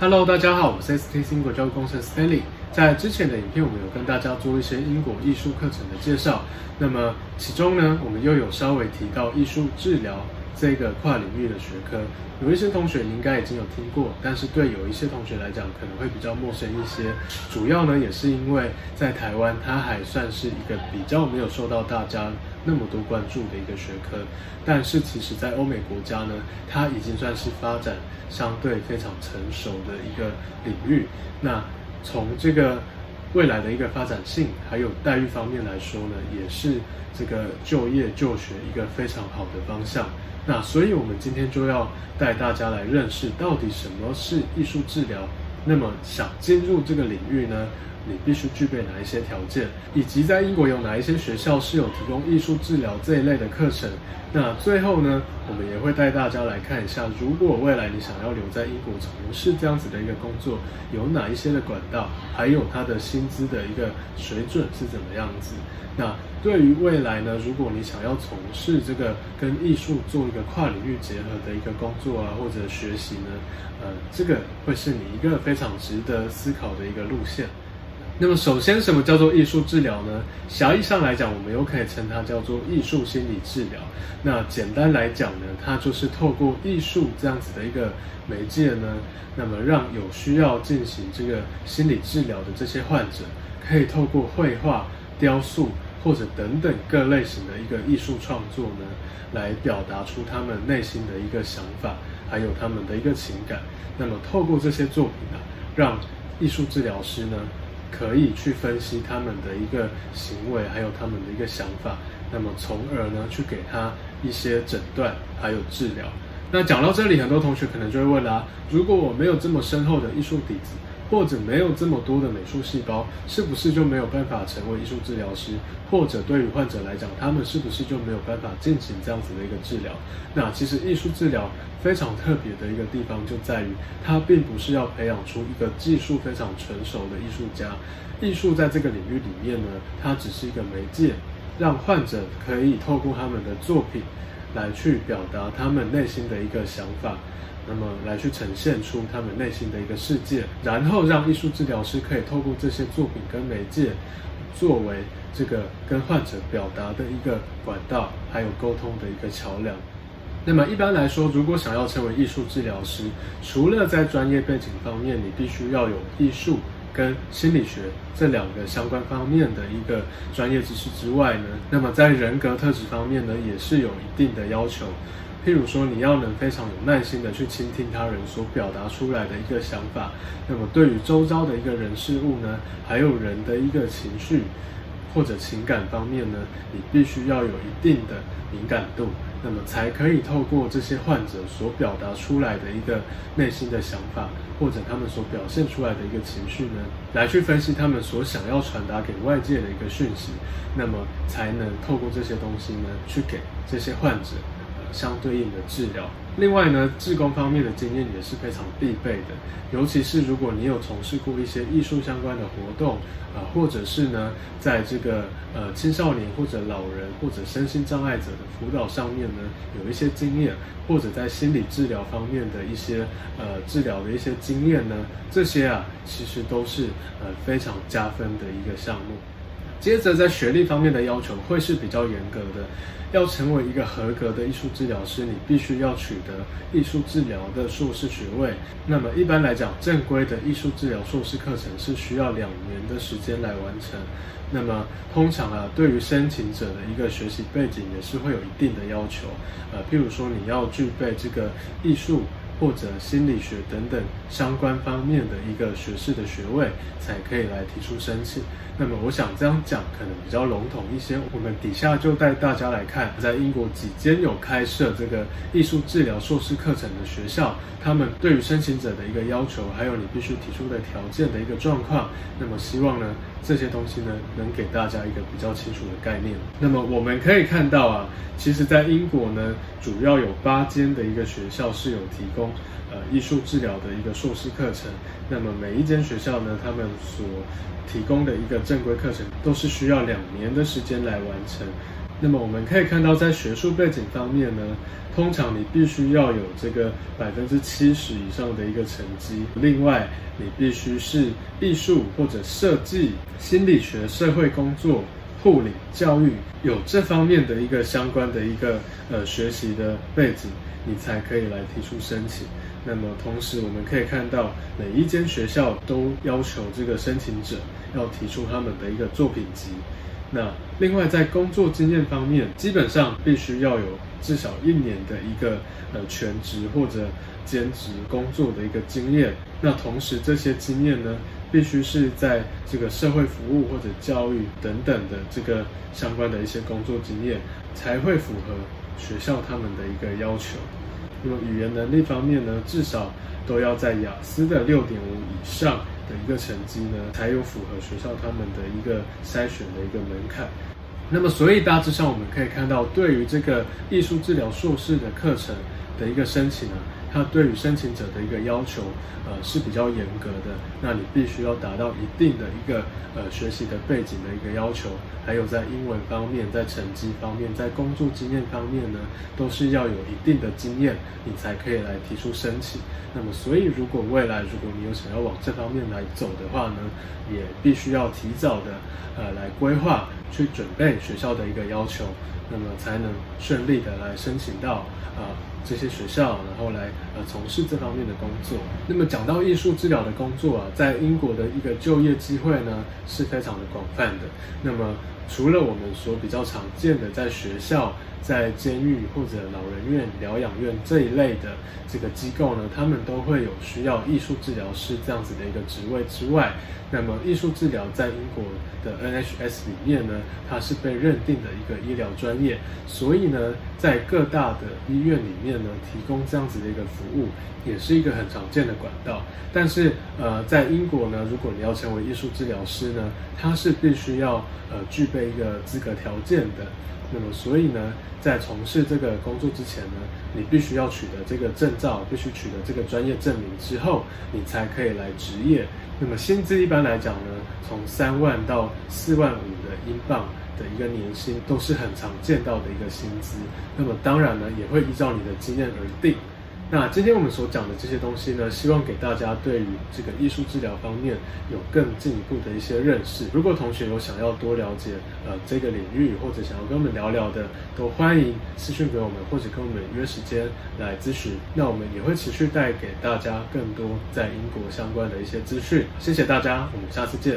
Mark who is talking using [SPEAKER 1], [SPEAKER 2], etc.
[SPEAKER 1] Hello，大家好，我是 STC 英國教育工程 Stanley。在之前的影片，我們有跟大家做一些英國藝術課程的介紹。那麼其中呢，我們又有稍微提到藝術治療。這個跨領域的學科，有一些同學應該已經有聽過，但是對有一些同學來講可能會比較陌生一些。主要呢也是因為在台灣，它還算是一個比較沒有受到大家那麼多關注的一個學科。但是其實在歐美國家呢，它已經算是發展相對非常成熟的一個領域。那從這個未來的一個發展性還有待遇方面來說呢，也是這個就業就學一個非常好的方向。那所以，我們今天就要帶大家來認識到底什麼是藝術治療。那麼，想進入這個領域呢？你必須具備哪一些條件，以及在英國有哪一些學校是有提供藝術治療這一類的課程？那最後呢，我們也會帶大家來看一下，如果未來你想要留在英國從事這樣子的一個工作，有哪一些的管道，還有它的薪資的一個水準是怎麼樣子？那對於未來呢，如果你想要從事這個跟藝術做一個跨領域結合的一個工作啊，或者學習呢，呃，這個會是你一個非常值得思考的一個路線。那麼首先，什麼叫做藝術治療呢？狹義上來講，我們又可以稱它叫做藝術心理治療。那簡單來講呢，它就是透過藝術這樣子的一個媒介呢，那麼讓有需要進行這個心理治療的這些患者，可以透過繪畫、雕塑或者等等各類型的一個藝術創作呢，來表達出他們內心的一個想法，還有他們的一個情感。那麼透過這些作品啊，讓藝術治療師呢。可以去分析他們的一個行為，還有他們的一個想法，那麼從而呢去給他一些診斷，還有治療。那講到這裡，很多同學可能就會問了啊，如果我沒有這麼深厚的藝術底子，或者沒有這麼多的美術細胞，是不是就沒有辦法成為藝術治療師？或者對於患者來講，他們是不是就沒有辦法進行這樣子的一個治療？那其實藝術治療非常特別的一個地方就在於，它並不是要培養出一個技術非常成熟的藝術家。藝術在這個領域裡面呢，它只是一個媒介，讓患者可以透過他們的作品。來去表達他們內心的一個想法，那麼來去呈現出他們內心的一個世界，然後讓藝術治療師可以透過這些作品跟媒介，作為這個跟患者表達的一個管道，還有溝通的一個橋梁。那麼一般來說，如果想要成為藝術治療師，除了在專業背景方面，你必須要有藝術。跟心理學這兩個相關方面的一個專業知識之外呢，那麼在人格特質方面呢，也是有一定的要求。譬如說，你要能非常有耐心的去傾聽他人所表達出來的一個想法，那麼對於周遭的一個人事物呢，還有人的一個情緒或者情感方面呢，你必須要有一定的敏感度。那麼才可以透過這些患者所表達出來的一個內心的想法，或者他們所表現出來的一個情緒呢，來去分析他們所想要傳達給外界的一個訊息。那麼才能透過這些東西呢，去給這些患者，相對應的治療，另外呢，志工方面的經驗也是非常必備的。尤其是如果你有從事過一些藝術相關的活動，啊、呃，或者是呢，在這個呃青少年或者老人或者身心障礙者的輔導上面呢，有一些經驗，或者在心理治療方面的一些呃治療的一些經驗呢，這些啊，其實都是呃非常加分的一個項目。接着，在學歷方面的要求會是比較嚴格的。要成為一個合格的藝術治療師，你必須要取得藝術治療的碩士學位。那麼，一般來講，正規的藝術治療碩士課程是需要兩年的時間來完成。那麼，通常啊，對於申請者的一個學習背景也是會有一定的要求。呃，譬如說，你要具備這個藝術。或者心理學等等相關方面的一個學士的學位，才可以來提出申請。那麼我想這樣講可能比較籠統一些，我們底下就帶大家來看，在英國幾間有開設這個藝術治療碩士課程的學校，他們對於申請者的一個要求，還有你必須提出的條件的一個狀況。那麼希望呢。這些東西呢，能給大家一個比較清楚的概念。那麼我們可以看到啊，其實在英國呢，主要有八間的一個學校是有提供呃藝術治療的一個碩士課程。那麼每一間學校呢，他們所提供的一個正規課程都是需要兩年的時間來完成。那麼我們可以看到，在學術背景方面呢，通常你必須要有這個百分之七十以上的一個成績。另外，你必須是藝術或者設計、心理學、社會工作、護理、教育有這方面的一個相關的一個呃學習的背景，你才可以來提出申請。那麼同時，我們可以看到，每一間學校都要求這個申請者要提出他們的一個作品集。那另外在工作經驗方面，基本上必須要有至少一年的一個呃全職或者兼職工作的一個經驗。那同時這些經驗呢，必須是在這個社會服務或者教育等等的這個相關的一些工作經驗才會符合學校他們的一個要求。那麼語言能力方面呢，至少都要在雅思的六點五以上的一個成績呢，才有符合學校他們的一個篩選的一個門檻。那麼，所以大致上我們可以看到，對於這個藝術治療碩士的課程的一個申請呢它對於申請者的一個要求，呃是比較嚴格的，那你必須要達到一定的一個呃學習的背景的一個要求，還有在英文方面、在成績方面、在工作經驗方面呢，都是要有一定的經驗，你才可以來提出申請。那麼，所以如果未來如果你有想要往這方面來走的話呢，也必須要提早的呃來規劃。去準備學校的一個要求，那麼才能順利的來申請到啊、呃、這些學校，然後來呃從事這方面的工作。那麼講到藝術治療的工作啊，在英國的一個就業機會呢是非常的廣泛的。那麼。除了我們所比較常見的，在學校、在監獄或者老人院、療養院這一類的這個機構呢，他們都會有需要藝術治療師這樣子的一個職位之外，那麼藝術治療在英國的 NHS 裡面呢，它是被認定的一個醫療專業，所以呢，在各大的醫院裡面呢，提供這樣子的一個服務，也是一個很常見的管道。但是，呃，在英國呢，如果你要成為藝術治療師呢，它是必須要呃具備。一個資格條件的，那麼所以呢，在從事這個工作之前呢，你必須要取得這個證照，必須取得這個專業證明之後，你才可以來執業。那麼薪資一般來講呢，從三萬到四萬五的英鎊的一個年薪都是很常見到的一個薪資。那麼當然呢，也會依照你的經驗而定。那今天我們所講的這些東西呢，希望給大家對於這個藝術治療方面有更進一步的一些認識。如果同學有想要多了解呃這個領域，或者想要跟我們聊聊的，都歡迎私訊給我們，或者跟我們約時間來諮詢。那我們也會持續帶給大家更多在英國相關的一些資訊。謝謝大家，我們下次見。